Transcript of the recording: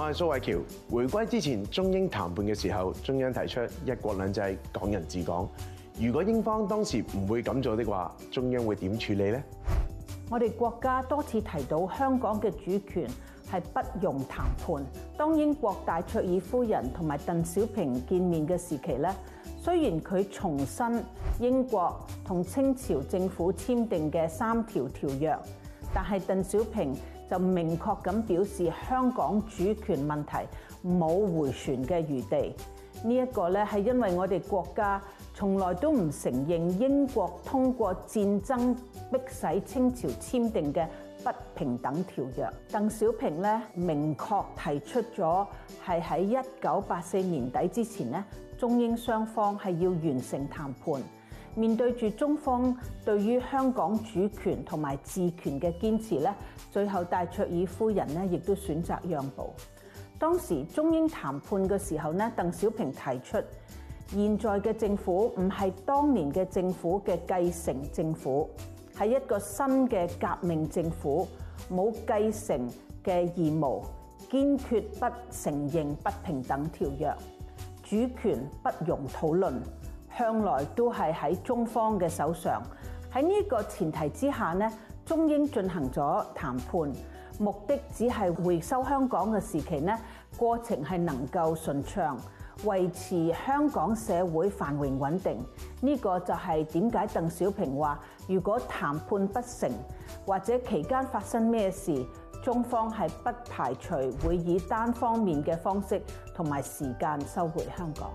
我係蘇煒喬。回歸之前，中英談判嘅時候，中央提出一國兩制、港人治港。如果英方當時唔會咁做的話，中央會點處理呢？我哋國家多次提到香港嘅主權係不容談判。當英國戴卓爾夫人同埋鄧小平見面嘅時期咧，雖然佢重申英國同清朝政府簽訂嘅三條條約。但係鄧小平就明確咁表示香港主權問題冇回旋嘅餘地。呢、這、一個咧係因為我哋國家從來都唔承認英國通過戰爭逼使清朝簽訂嘅不平等條約。鄧小平咧明確提出咗係喺一九八四年底之前咧，中英雙方係要完成談判。面對住中方對於香港主權同埋治權嘅堅持咧，最後戴卓爾夫人咧亦都選擇讓步。當時中英談判嘅時候咧，鄧小平提出現在嘅政府唔係當年嘅政府嘅繼承政府，係一個新嘅革命政府，冇繼承嘅義務，堅決不承認不平等條約，主權不容討論。向來都係喺中方嘅手上。喺呢個前提之下呢，中英進行咗談判，目的只係回收香港嘅時期呢，過程係能夠順暢，維持香港社會繁榮穩定。呢個就係點解鄧小平話：如果談判不成，或者期間發生咩事，中方係不排除會以單方面嘅方式同埋時間收回香港。